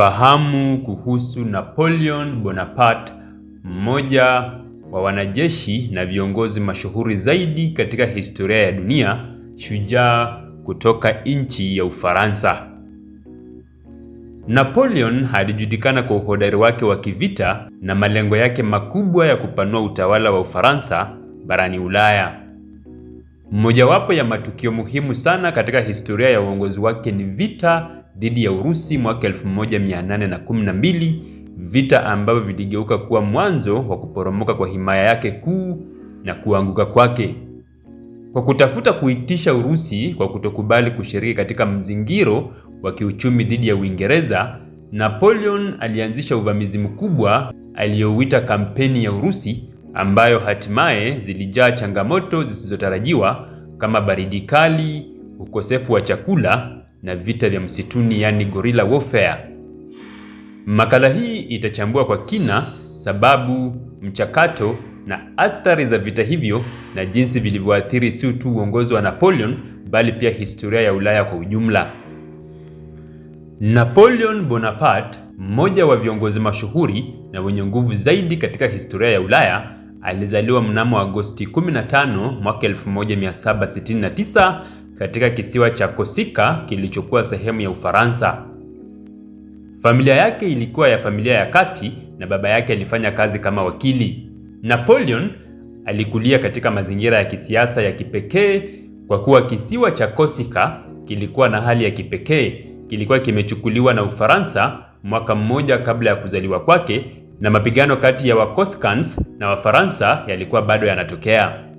Fahamu kuhusu Napoleon Bonaparte, mmoja wa wanajeshi na viongozi mashuhuri zaidi katika historia ya dunia, shujaa kutoka nchi ya Ufaransa. Napoleon alijulikana kwa uhodari wake wa kivita na malengo yake makubwa ya kupanua utawala wa Ufaransa barani Ulaya. Mmojawapo ya matukio muhimu sana katika historia ya uongozi wake ni vita dhidi ya Urusi mwaka 1812, vita ambavyo viligeuka kuwa mwanzo wa kuporomoka kwa himaya yake kuu na kuanguka kwake. Kwa kutafuta kuitisha Urusi kwa kutokubali kushiriki katika mzingiro wa kiuchumi dhidi ya Uingereza, Napoleon alianzisha uvamizi mkubwa aliyouita kampeni ya Urusi ambayo hatimaye zilijaa changamoto zisizotarajiwa kama baridi kali, ukosefu wa chakula na vita vya msituni, yani gorilla warfare. Makala hii itachambua kwa kina sababu, mchakato na athari za vita hivyo na jinsi vilivyoathiri si tu uongozi wa Napoleon bali pia historia ya Ulaya kwa ujumla. Napoleon Bonaparte, mmoja wa viongozi mashuhuri na wenye nguvu zaidi katika historia ya Ulaya, alizaliwa mnamo Agosti 15 mwaka 1769 katika kisiwa cha kosika kilichokuwa sehemu ya Ufaransa. Familia yake ilikuwa ya familia ya kati na baba yake alifanya kazi kama wakili. Napoleon alikulia katika mazingira ya kisiasa ya kipekee kwa kuwa kisiwa cha kosika kilikuwa na hali ya kipekee. Kilikuwa kimechukuliwa na Ufaransa mwaka mmoja kabla ya kuzaliwa kwake, na mapigano kati ya Wakoskans na Wafaransa yalikuwa bado yanatokea.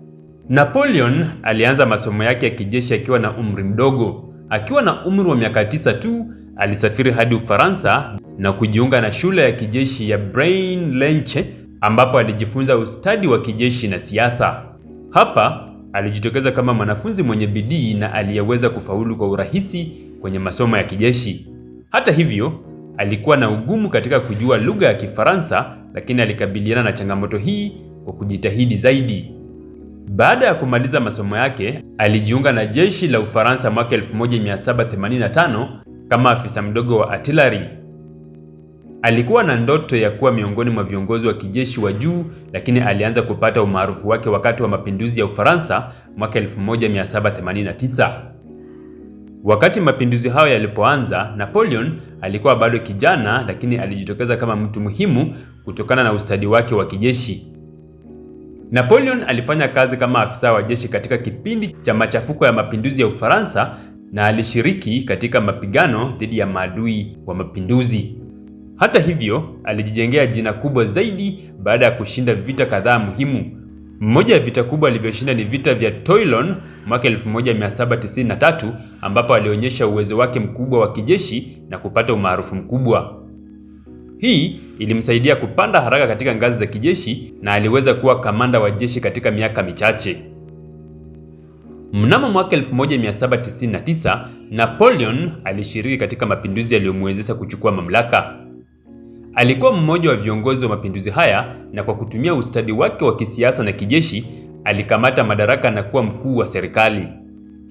Napoleon alianza masomo yake ya kijeshi akiwa na umri mdogo. Akiwa na umri wa miaka tisa tu alisafiri hadi Ufaransa na kujiunga na shule ya kijeshi ya Brain Lenche ambapo alijifunza ustadi wa kijeshi na siasa. Hapa alijitokeza kama mwanafunzi mwenye bidii na aliyeweza kufaulu kwa urahisi kwenye masomo ya kijeshi. Hata hivyo, alikuwa na ugumu katika kujua lugha ya Kifaransa, lakini alikabiliana na changamoto hii kwa kujitahidi zaidi. Baada ya kumaliza masomo yake, alijiunga na jeshi la Ufaransa mwaka 1785 kama afisa mdogo wa artillery. Alikuwa na ndoto ya kuwa miongoni mwa viongozi wa kijeshi wa juu, lakini alianza kupata umaarufu wake wakati wa mapinduzi ya Ufaransa mwaka 1789. Wakati mapinduzi hayo yalipoanza, Napoleon alikuwa bado kijana, lakini alijitokeza kama mtu muhimu kutokana na ustadi wake wa kijeshi. Napoleon alifanya kazi kama afisa wa jeshi katika kipindi cha machafuko ya mapinduzi ya Ufaransa na alishiriki katika mapigano dhidi ya maadui wa mapinduzi. Hata hivyo, alijijengea jina kubwa zaidi baada ya kushinda vita kadhaa muhimu. Mmoja ya vita kubwa alivyoshinda ni vita vya Toulon mwaka 1793 ambapo alionyesha uwezo wake mkubwa wa kijeshi na kupata umaarufu mkubwa. Hii ilimsaidia kupanda haraka katika ngazi za kijeshi na aliweza kuwa kamanda wa jeshi katika miaka michache. Mnamo mwaka 1799 Napoleon alishiriki katika mapinduzi yaliyomwezesha kuchukua mamlaka. Alikuwa mmoja wa viongozi wa mapinduzi haya na kwa kutumia ustadi wake wa kisiasa na kijeshi alikamata madaraka na kuwa mkuu wa serikali.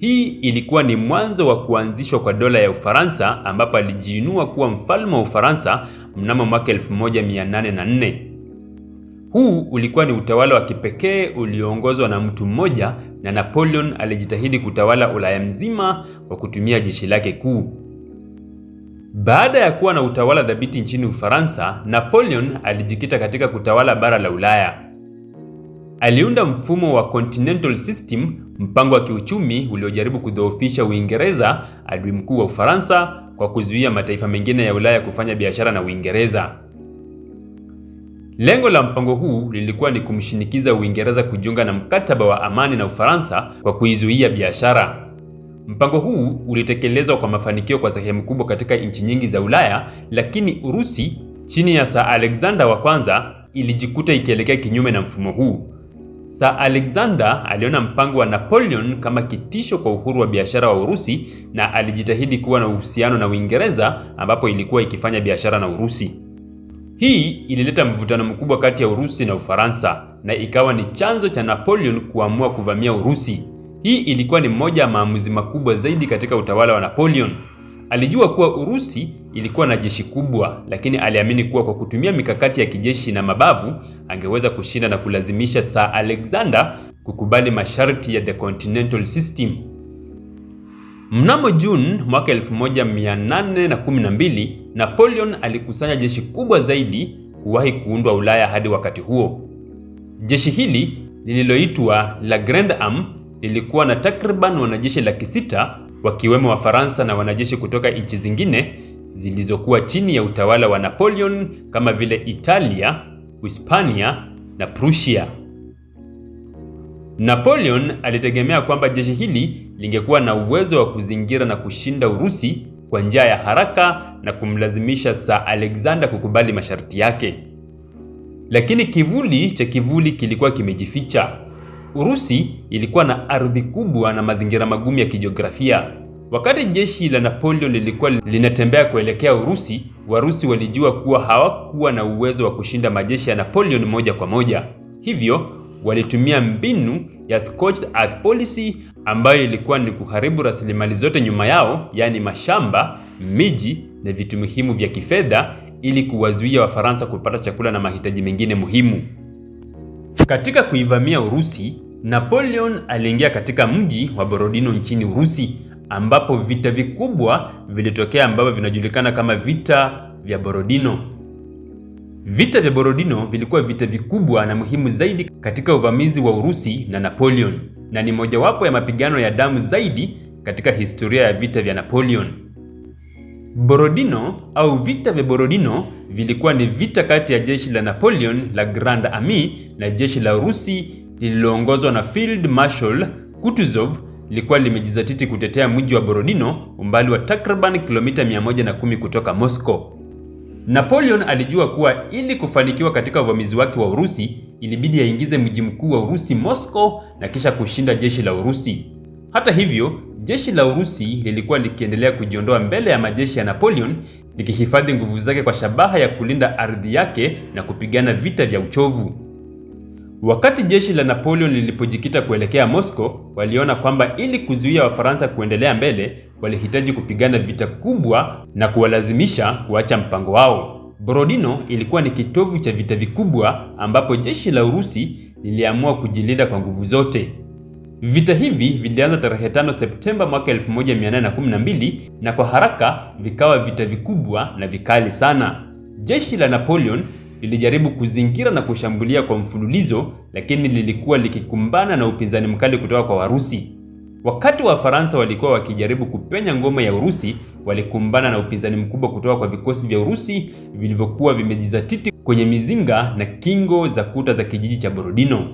Hii ilikuwa ni mwanzo wa kuanzishwa kwa dola ya Ufaransa ambapo alijiinua kuwa mfalme wa Ufaransa mnamo mwaka 1804. Huu ulikuwa ni utawala wa kipekee ulioongozwa na mtu mmoja na Napoleon alijitahidi kutawala Ulaya mzima kwa kutumia jeshi lake kuu. Baada ya kuwa na utawala dhabiti nchini Ufaransa, Napoleon alijikita katika kutawala bara la Ulaya aliunda mfumo wa Continental System, mpango wa kiuchumi uliojaribu kudhoofisha Uingereza, adui mkuu wa Ufaransa, kwa kuzuia mataifa mengine ya Ulaya kufanya biashara na Uingereza. Lengo la mpango huu lilikuwa ni kumshinikiza Uingereza kujiunga na mkataba wa amani na Ufaransa kwa kuizuia biashara. Mpango huu ulitekelezwa kwa mafanikio kwa sehemu kubwa katika nchi nyingi za Ulaya, lakini Urusi chini ya Sir Alexander wa kwanza ilijikuta ikielekea kinyume na mfumo huu. Sir Alexander aliona mpango wa Napoleon kama kitisho kwa uhuru wa biashara wa Urusi na alijitahidi kuwa na uhusiano na Uingereza ambapo ilikuwa ikifanya biashara na Urusi. Hii ilileta mvutano mkubwa kati ya Urusi na Ufaransa na ikawa ni chanzo cha Napoleon kuamua kuvamia Urusi. Hii ilikuwa ni moja ya maamuzi makubwa zaidi katika utawala wa Napoleon. Alijua kuwa Urusi ilikuwa na jeshi kubwa, lakini aliamini kuwa kwa kutumia mikakati ya kijeshi na mabavu angeweza kushinda na kulazimisha Sir Alexander kukubali masharti ya the continental system. Mnamo Juni mwaka 1812, Napoleon alikusanya jeshi kubwa zaidi kuwahi kuundwa Ulaya hadi wakati huo. Jeshi hili lililoitwa la Grande Army lilikuwa na takriban wanajeshi laki sita wakiwemo Wafaransa na wanajeshi kutoka nchi zingine zilizokuwa chini ya utawala wa Napoleon kama vile Italia, Hispania na Prussia. Napoleon alitegemea kwamba jeshi hili lingekuwa na uwezo wa kuzingira na kushinda Urusi kwa njia ya haraka na kumlazimisha Sir Alexander kukubali masharti yake. Lakini kivuli cha kivuli kilikuwa kimejificha. Urusi ilikuwa na ardhi kubwa na mazingira magumu ya kijiografia. Wakati jeshi la Napoleon lilikuwa linatembea kuelekea Urusi, Warusi walijua kuwa hawakuwa na uwezo wa kushinda majeshi ya Napoleon moja kwa moja. Hivyo walitumia mbinu ya scorched earth policy ambayo ilikuwa ni kuharibu rasilimali zote nyuma yao, yaani mashamba, miji na vitu muhimu vya kifedha ili kuwazuia Wafaransa kupata chakula na mahitaji mengine muhimu. Katika kuivamia Urusi, Napoleon aliingia katika mji wa Borodino nchini Urusi ambapo vita vikubwa vilitokea ambavyo vinajulikana kama vita vya Borodino. Vita vya Borodino vilikuwa vita vikubwa na muhimu zaidi katika uvamizi wa Urusi na Napoleon na ni mojawapo ya mapigano ya damu zaidi katika historia ya vita vya Napoleon. Borodino au vita vya Borodino vilikuwa ni vita kati ya jeshi la Napoleon la Grand Army na jeshi la Urusi lililoongozwa na Field Marshal Kutuzov lilikuwa limejizatiti kutetea mji wa Borodino umbali wa takriban kilomita 110 kutoka Moscow. Napoleon alijua kuwa ili kufanikiwa katika uvamizi wake wa Urusi ilibidi aingize mji mkuu wa Urusi Moscow na kisha kushinda jeshi la Urusi. Hata hivyo, jeshi la Urusi lilikuwa likiendelea kujiondoa mbele ya majeshi ya Napoleon likihifadhi nguvu zake kwa shabaha ya kulinda ardhi yake na kupigana vita vya uchovu. Wakati jeshi la Napoleon lilipojikita kuelekea Moscow, waliona kwamba ili kuzuia Wafaransa kuendelea mbele, walihitaji kupigana vita kubwa na kuwalazimisha kuacha mpango wao. Borodino ilikuwa ni kitovu cha vita vikubwa ambapo jeshi la Urusi liliamua kujilinda kwa nguvu zote. Vita hivi vilianza tarehe 5 Septemba mwaka 1812 na kwa haraka vikawa vita vikubwa na vikali sana. Jeshi la Napoleon lilijaribu kuzingira na kushambulia kwa mfululizo, lakini lilikuwa likikumbana na upinzani mkali kutoka kwa Warusi. Wakati wa Faransa walikuwa wakijaribu kupenya ngome ya Urusi, walikumbana na upinzani mkubwa kutoka kwa vikosi vya Urusi vilivyokuwa vimejizatiti kwenye mizinga na kingo za kuta za kijiji cha Borodino.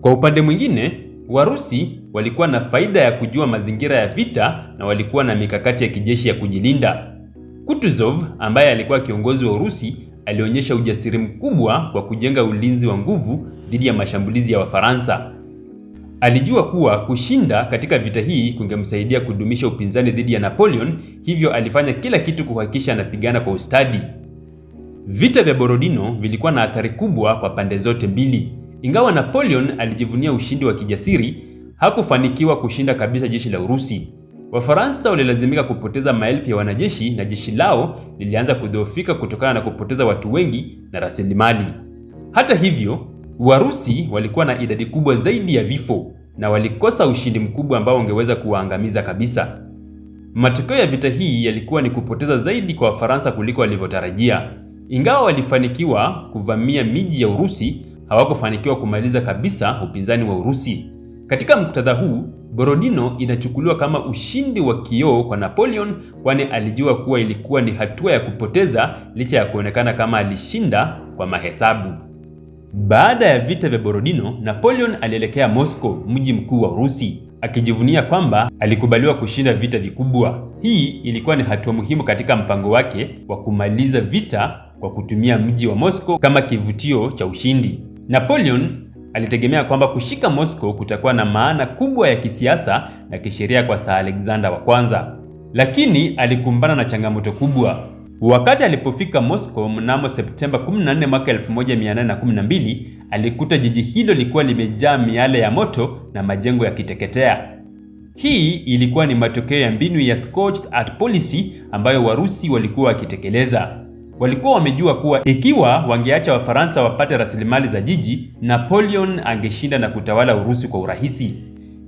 Kwa upande mwingine Warusi walikuwa na faida ya kujua mazingira ya vita na walikuwa na mikakati ya kijeshi ya kujilinda. Kutuzov ambaye alikuwa kiongozi wa Urusi alionyesha ujasiri mkubwa kwa kujenga ulinzi wa nguvu dhidi ya mashambulizi ya Wafaransa. Alijua kuwa kushinda katika vita hii kungemsaidia kudumisha upinzani dhidi ya Napoleon, hivyo alifanya kila kitu kuhakikisha anapigana kwa ustadi. Vita vya Borodino vilikuwa na athari kubwa kwa pande zote mbili. Ingawa Napoleon alijivunia ushindi wa kijasiri, hakufanikiwa kushinda kabisa jeshi la Urusi. Wafaransa walilazimika kupoteza maelfu ya wanajeshi na jeshi lao lilianza kudhoofika kutokana na kupoteza watu wengi na rasilimali. Hata hivyo, Warusi walikuwa na idadi kubwa zaidi ya vifo na walikosa ushindi mkubwa ambao ungeweza kuwaangamiza kabisa. Matokeo ya vita hii yalikuwa ni kupoteza zaidi kwa Wafaransa kuliko walivyotarajia. Ingawa walifanikiwa kuvamia miji ya Urusi, hawakufanikiwa kumaliza kabisa upinzani wa Urusi. Katika muktadha huu, Borodino inachukuliwa kama ushindi wa kioo kwa Napoleon, kwani alijua kuwa ilikuwa ni hatua ya kupoteza licha ya kuonekana kama alishinda kwa mahesabu. Baada ya vita vya Borodino, Napoleon alielekea Moscow, mji mkuu wa Urusi, akijivunia kwamba alikubaliwa kushinda vita vikubwa. Hii ilikuwa ni hatua muhimu katika mpango wake wa kumaliza vita kwa kutumia mji wa Moscow kama kivutio cha ushindi. Napoleon alitegemea kwamba kushika Moscow kutakuwa na maana kubwa ya kisiasa na kisheria kwa Sir Alexander wa kwanza, lakini alikumbana na changamoto kubwa. Wakati alipofika Moscow mnamo Septemba 14 mwaka 1812, alikuta jiji hilo lilikuwa limejaa miale ya moto na majengo yakiteketea. Hii ilikuwa ni matokeo ya mbinu ya scorched earth policy ambayo Warusi walikuwa wakitekeleza walikuwa wamejua kuwa ikiwa wangeacha Wafaransa wapate rasilimali za jiji, Napoleon angeshinda na kutawala Urusi kwa urahisi.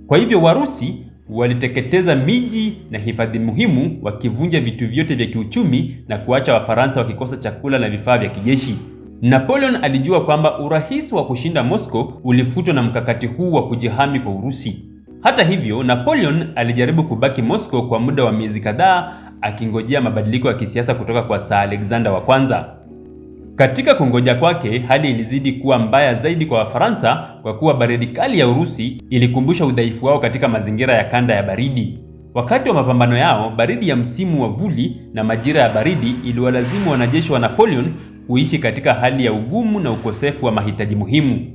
Kwa hivyo Warusi waliteketeza miji na hifadhi muhimu, wakivunja vitu vyote vya kiuchumi na kuacha Wafaransa wakikosa chakula na vifaa vya kijeshi. Napoleon alijua kwamba urahisi wa kushinda Moscow ulifutwa na mkakati huu wa kujihami kwa Urusi. Hata hivyo, Napoleon alijaribu kubaki Moscow kwa muda wa miezi kadhaa akingojea mabadiliko ya kisiasa kutoka kwa Tsar Alexander wa kwanza. Katika kungoja kwake, hali ilizidi kuwa mbaya zaidi kwa Wafaransa kwa kuwa baridi kali ya Urusi ilikumbusha udhaifu wao katika mazingira ya kanda ya baridi. Wakati wa mapambano yao, baridi ya msimu wa vuli na majira ya baridi iliwalazimu wanajeshi wa Napoleon kuishi katika hali ya ugumu na ukosefu wa mahitaji muhimu.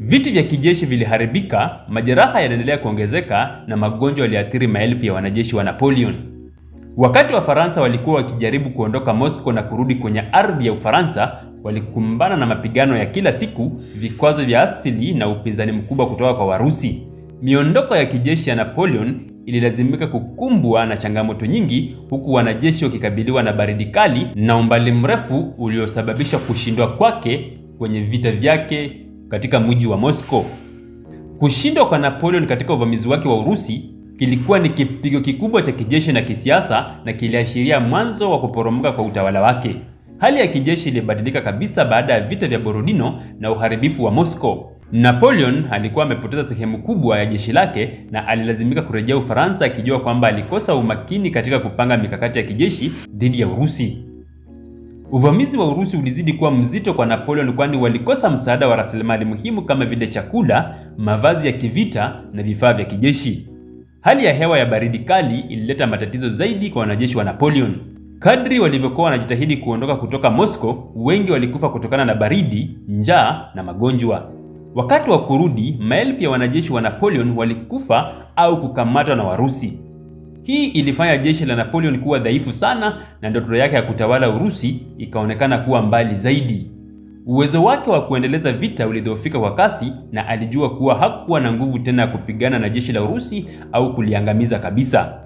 Viti vya kijeshi viliharibika, majeraha yaliendelea kuongezeka na magonjwa yaliathiri maelfu ya wanajeshi wa Napoleon. Wakati Wafaransa walikuwa wakijaribu kuondoka Moscow na kurudi kwenye ardhi ya Ufaransa, walikumbana na mapigano ya kila siku, vikwazo vya asili na upinzani mkubwa kutoka kwa Warusi. Miondoko ya kijeshi ya Napoleon ililazimika kukumbwa na changamoto nyingi, huku wanajeshi wakikabiliwa na baridi kali na umbali mrefu uliosababisha kushindwa kwake kwenye vita vyake katika mji wa Moscow. Kushindwa kwa Napoleon katika uvamizi wake wa Urusi kilikuwa ni kipigo kikubwa cha kijeshi na kisiasa na kiliashiria mwanzo wa kuporomoka kwa utawala wake. Hali ya kijeshi ilibadilika kabisa baada ya vita vya Borodino na uharibifu wa Moscow. Napoleon alikuwa amepoteza sehemu kubwa ya jeshi lake na alilazimika kurejea Ufaransa akijua kwamba alikosa umakini katika kupanga mikakati ya kijeshi dhidi ya Urusi. Uvamizi wa Urusi ulizidi kuwa mzito kwa Napoleon kwani walikosa msaada wa rasilimali muhimu kama vile chakula, mavazi ya kivita na vifaa vya kijeshi. Hali ya hewa ya baridi kali ilileta matatizo zaidi kwa wanajeshi wa Napoleon. Kadri walivyokuwa wanajitahidi kuondoka kutoka Moscow, wengi walikufa kutokana na baridi, njaa na magonjwa. Wakati wa kurudi, maelfu ya wanajeshi wa Napoleon walikufa au kukamatwa na Warusi. Hii ilifanya jeshi la Napoleon kuwa dhaifu sana na ndoto yake ya kutawala Urusi ikaonekana kuwa mbali zaidi. Uwezo wake wa kuendeleza vita ulidhoofika kwa kasi na alijua kuwa hakuwa na nguvu tena ya kupigana na jeshi la Urusi au kuliangamiza kabisa.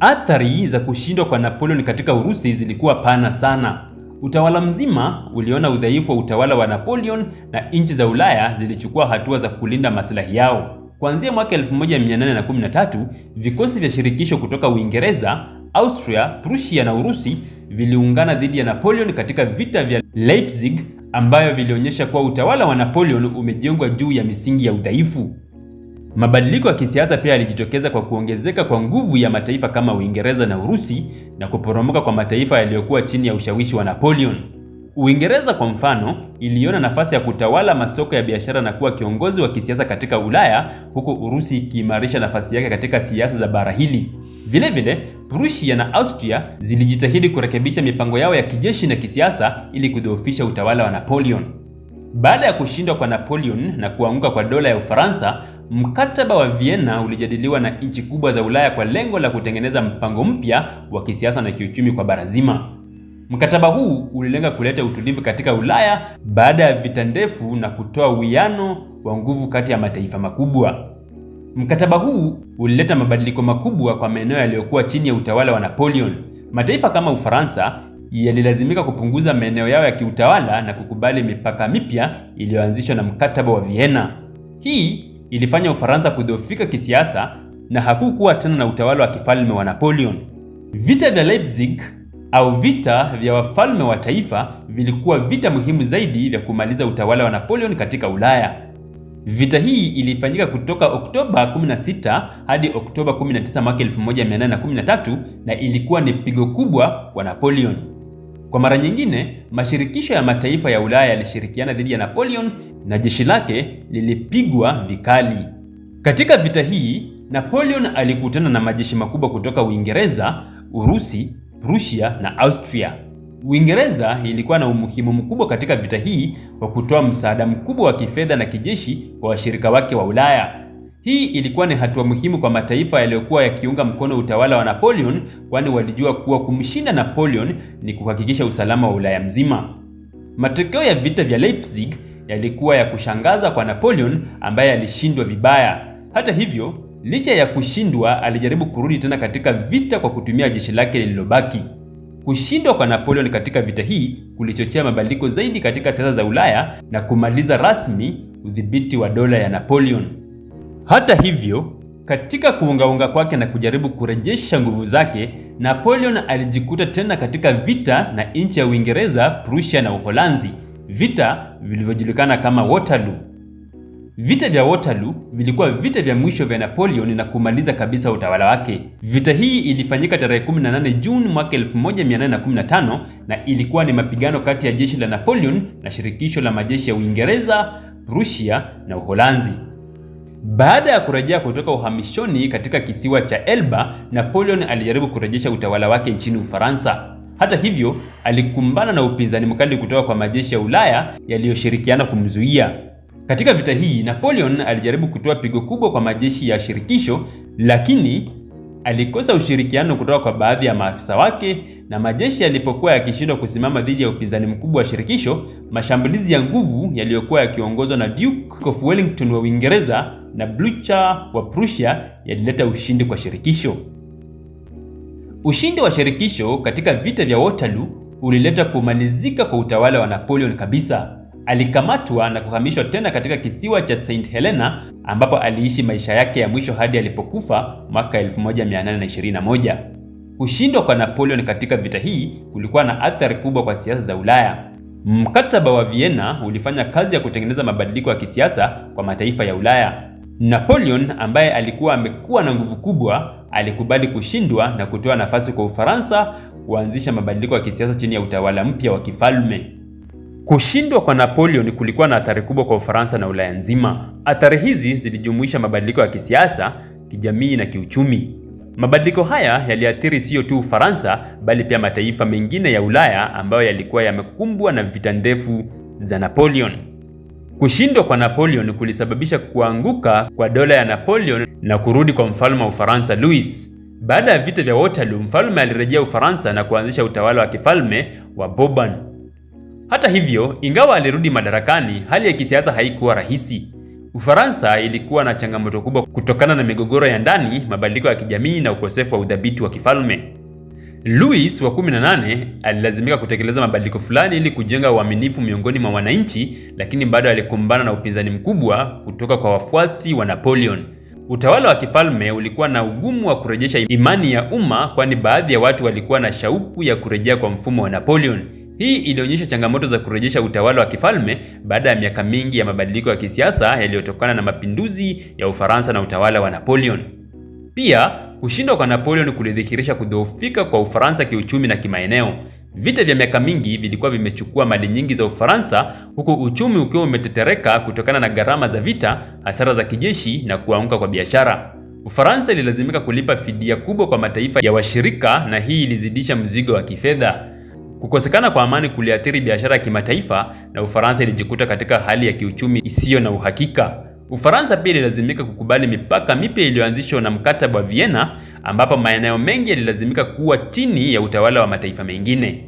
Athari za kushindwa kwa Napoleon katika Urusi zilikuwa pana sana. Utawala mzima uliona udhaifu wa utawala wa Napoleon na nchi za Ulaya zilichukua hatua za kulinda maslahi yao. Kuanzia mwaka 1813 vikosi vya shirikisho kutoka Uingereza, Austria, Prussia na Urusi viliungana dhidi ya Napoleon katika vita vya Leipzig ambayo vilionyesha kuwa utawala wa Napoleon umejengwa juu ya misingi ya udhaifu. Mabadiliko ya kisiasa pia yalijitokeza kwa kuongezeka kwa nguvu ya mataifa kama Uingereza na Urusi na kuporomoka kwa mataifa yaliyokuwa chini ya ushawishi wa Napoleon. Uingereza kwa mfano iliona nafasi ya kutawala masoko ya biashara na kuwa kiongozi wa kisiasa katika Ulaya, huku Urusi ikiimarisha nafasi yake katika siasa za bara hili. Vilevile, Prussia na Austria zilijitahidi kurekebisha mipango yao ya kijeshi na kisiasa ili kudhoofisha utawala wa Napoleon. Baada ya kushindwa kwa Napoleon na kuanguka kwa dola ya Ufaransa, mkataba wa Vienna ulijadiliwa na nchi kubwa za Ulaya kwa lengo la kutengeneza mpango mpya wa kisiasa na kiuchumi kwa bara zima. Mkataba huu ulilenga kuleta utulivu katika Ulaya baada ya vita ndefu na kutoa uwiano wa nguvu kati ya mataifa makubwa. Mkataba huu ulileta mabadiliko makubwa kwa maeneo yaliyokuwa chini ya utawala wa Napoleon. Mataifa kama Ufaransa yalilazimika kupunguza maeneo yao ya kiutawala na kukubali mipaka mipya iliyoanzishwa na mkataba wa Vienna. Hii ilifanya Ufaransa kudhoofika kisiasa na hakukuwa tena na utawala wa kifalme wa Napoleon. Vita vya Leipzig au vita vya wafalme wa taifa vilikuwa vita muhimu zaidi vya kumaliza utawala wa Napoleon katika Ulaya. Vita hii ilifanyika kutoka Oktoba 16 hadi Oktoba 19 mwaka 1813 na ilikuwa ni pigo kubwa kwa Napoleon. Kwa mara nyingine, mashirikisho ya mataifa ya Ulaya yalishirikiana dhidi ya Napoleon na jeshi lake lilipigwa vikali. Katika vita hii, Napoleon alikutana na majeshi makubwa kutoka Uingereza, Urusi Prussia na Austria. Uingereza ilikuwa na umuhimu mkubwa katika vita hii kwa kutoa msaada mkubwa wa kifedha na kijeshi kwa washirika wake wa Ulaya. Hii ilikuwa ni hatua muhimu kwa mataifa yaliyokuwa yakiunga mkono utawala wa Napoleon, kwani walijua kuwa kumshinda Napoleon ni kuhakikisha usalama wa Ulaya mzima. Matokeo ya vita vya Leipzig yalikuwa ya kushangaza kwa Napoleon ambaye alishindwa vibaya. Hata hivyo, Licha ya kushindwa, alijaribu kurudi tena katika vita kwa kutumia jeshi lake lililobaki. Kushindwa kwa Napoleon katika vita hii kulichochea mabadiliko zaidi katika siasa za Ulaya na kumaliza rasmi udhibiti wa dola ya Napoleon. Hata hivyo, katika kuungaunga kwake na kujaribu kurejesha nguvu zake, Napoleon alijikuta tena katika vita na nchi ya Uingereza, Prussia na Uholanzi, vita vilivyojulikana kama Waterloo. Vita vya Waterloo vilikuwa vita vya mwisho vya Napoleon na kumaliza kabisa utawala wake. Vita hii ilifanyika tarehe 18 Juni mwaka 1815 na ilikuwa ni mapigano kati ya jeshi la Napoleon na shirikisho la majeshi ya Uingereza, Prussia na Uholanzi. Baada ya kurejea kutoka uhamishoni katika kisiwa cha Elba, Napoleon alijaribu kurejesha utawala wake nchini Ufaransa. Hata hivyo, alikumbana na upinzani mkali kutoka kwa majeshi ya Ulaya yaliyoshirikiana kumzuia. Katika vita hii Napoleon alijaribu kutoa pigo kubwa kwa majeshi ya shirikisho, lakini alikosa ushirikiano kutoka kwa baadhi ya maafisa wake, na majeshi yalipokuwa yakishindwa kusimama dhidi ya upinzani mkubwa wa shirikisho, mashambulizi ya nguvu yaliyokuwa yakiongozwa na Duke of Wellington wa Uingereza na Blucher wa Prussia yalileta ushindi kwa shirikisho. Ushindi wa shirikisho katika vita vya Waterloo ulileta kumalizika kwa utawala wa Napoleon kabisa. Alikamatwa na kuhamishwa tena katika kisiwa cha St Helena ambapo aliishi maisha yake ya mwisho hadi alipokufa mwaka 1821. Kushindwa kwa Napoleon katika vita hii kulikuwa na athari kubwa kwa siasa za Ulaya. Mkataba wa Vienna ulifanya kazi ya kutengeneza mabadiliko ya kisiasa kwa mataifa ya Ulaya. Napoleon ambaye alikuwa amekuwa na nguvu kubwa alikubali kushindwa na kutoa nafasi kwa Ufaransa kuanzisha mabadiliko ya kisiasa chini ya utawala mpya wa kifalme. Kushindwa kwa Napoleon kulikuwa na athari kubwa kwa Ufaransa na Ulaya nzima. Athari hizi zilijumuisha mabadiliko ya kisiasa, kijamii na kiuchumi. Mabadiliko haya yaliathiri siyo tu Ufaransa bali pia mataifa mengine ya Ulaya ambayo yalikuwa yamekumbwa na vita ndefu za Napoleon. Kushindwa kwa Napoleon kulisababisha kuanguka kwa dola ya Napoleon na kurudi kwa mfalme wa Ufaransa Louis. Baada ya vita vya Waterloo, mfalme alirejea Ufaransa na kuanzisha utawala wa kifalme wa Bourbon. Hata hivyo, ingawa alirudi madarakani, hali ya kisiasa haikuwa rahisi. Ufaransa ilikuwa na changamoto kubwa kutokana na migogoro ya ndani, mabadiliko ya kijamii na ukosefu wa udhabiti wa kifalme. Louis wa 18 alilazimika kutekeleza mabadiliko fulani ili kujenga uaminifu miongoni mwa wananchi, lakini bado alikumbana na upinzani mkubwa kutoka kwa wafuasi wa Napoleon. Utawala wa kifalme ulikuwa na ugumu wa kurejesha imani ya umma, kwani baadhi ya watu walikuwa na shauku ya kurejea kwa mfumo wa Napoleon. Hii ilionyesha changamoto za kurejesha utawala wa kifalme baada ya miaka mingi ya mabadiliko ya kisiasa yaliyotokana na mapinduzi ya Ufaransa na utawala wa Napoleon. Pia kushindwa kwa Napoleon kulidhihirisha kudhoofika kwa Ufaransa kiuchumi na kimaeneo. Vita vya miaka mingi vilikuwa vimechukua mali nyingi za Ufaransa, huku uchumi ukiwa umetetereka kutokana na gharama za vita, hasara za kijeshi na kuanguka kwa biashara. Ufaransa ililazimika kulipa fidia kubwa kwa mataifa ya washirika, na hii ilizidisha mzigo wa kifedha. Kukosekana kwa amani kuliathiri biashara ya kimataifa na Ufaransa ilijikuta katika hali ya kiuchumi isiyo na uhakika. Ufaransa pia ililazimika kukubali mipaka mipya iliyoanzishwa na mkataba wa Vienna, ambapo maeneo mengi yalilazimika kuwa chini ya utawala wa mataifa mengine.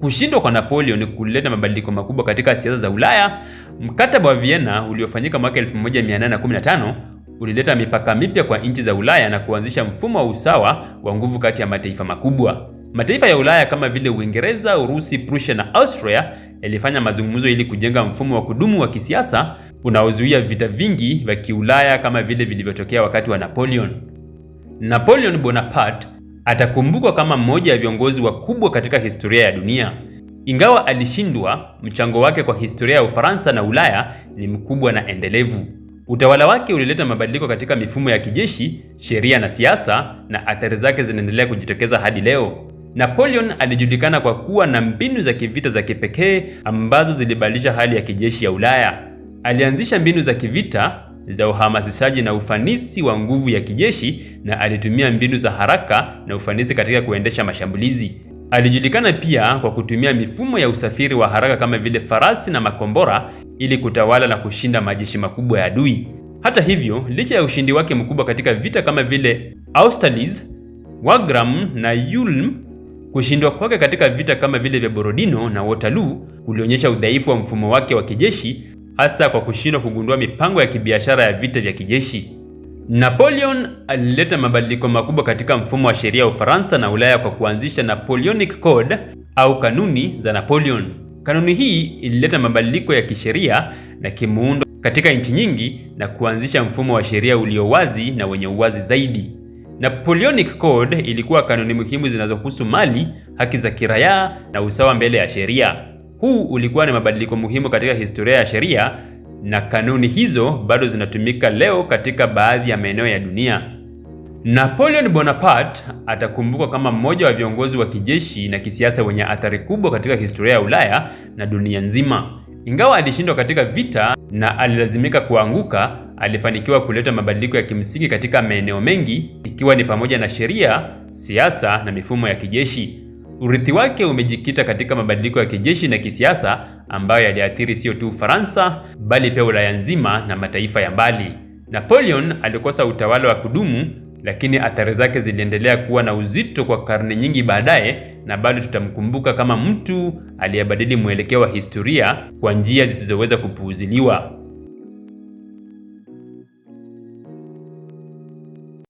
Kushindwa kwa Napoleon kulileta mabadiliko makubwa katika siasa za Ulaya. Mkataba wa Vienna uliofanyika mwaka 1815 ulileta mipaka mipya kwa nchi za Ulaya na kuanzisha mfumo wa usawa wa nguvu kati ya mataifa makubwa. Mataifa ya Ulaya kama vile Uingereza, Urusi, Prussia na Austria yalifanya mazungumzo ili kujenga mfumo wa kudumu wa kisiasa unaozuia vita vingi vya kiulaya kama vile vilivyotokea wakati wa Napoleon. Napoleon Bonaparte atakumbukwa kama mmoja ya viongozi wakubwa katika historia ya dunia. Ingawa alishindwa, mchango wake kwa historia ya Ufaransa na Ulaya ni mkubwa na endelevu. Utawala wake ulileta mabadiliko katika mifumo ya kijeshi, sheria na siasa, na athari zake zinaendelea kujitokeza hadi leo. Napoleon alijulikana kwa kuwa na mbinu za kivita za kipekee ambazo zilibadilisha hali ya kijeshi ya Ulaya. Alianzisha mbinu za kivita za uhamasishaji na ufanisi wa nguvu ya kijeshi na alitumia mbinu za haraka na ufanisi katika kuendesha mashambulizi. Alijulikana pia kwa kutumia mifumo ya usafiri wa haraka kama vile farasi na makombora ili kutawala na kushinda majeshi makubwa ya adui. Hata hivyo, licha ya ushindi wake mkubwa katika vita kama vile Austerlitz, Wagram na Ulm Kushindwa kwake katika vita kama vile vya Borodino na Waterloo kulionyesha udhaifu wa mfumo wake wa kijeshi, hasa kwa kushindwa kugundua mipango ya kibiashara ya vita vya kijeshi. Napoleon alileta mabadiliko makubwa katika mfumo wa sheria ya Ufaransa na Ulaya kwa kuanzisha Napoleonic Code au kanuni za Napoleon. Kanuni hii ilileta mabadiliko ya kisheria na kimuundo katika nchi nyingi na kuanzisha mfumo wa sheria ulio wazi na wenye uwazi zaidi. Napoleonic Code ilikuwa kanuni muhimu zinazohusu mali, haki za kiraia na usawa mbele ya sheria. Huu ulikuwa ni mabadiliko muhimu katika historia ya sheria na kanuni hizo bado zinatumika leo katika baadhi ya maeneo ya dunia. Napoleon Bonaparte atakumbukwa kama mmoja wa viongozi wa kijeshi na kisiasa wenye athari kubwa katika historia ya Ulaya na dunia nzima. Ingawa alishindwa katika vita na alilazimika kuanguka, alifanikiwa kuleta mabadiliko ya kimsingi katika maeneo mengi, ikiwa ni pamoja na sheria, siasa na mifumo ya kijeshi. Urithi wake umejikita katika mabadiliko ya kijeshi na kisiasa ambayo yaliathiri sio tu Ufaransa bali pia Ulaya nzima na mataifa ya mbali. Napoleon alikosa utawala wa kudumu lakini athari zake ziliendelea kuwa na uzito kwa karne nyingi baadaye, na bado tutamkumbuka kama mtu aliyebadili mwelekeo wa historia kwa njia zisizoweza kupuuziliwa.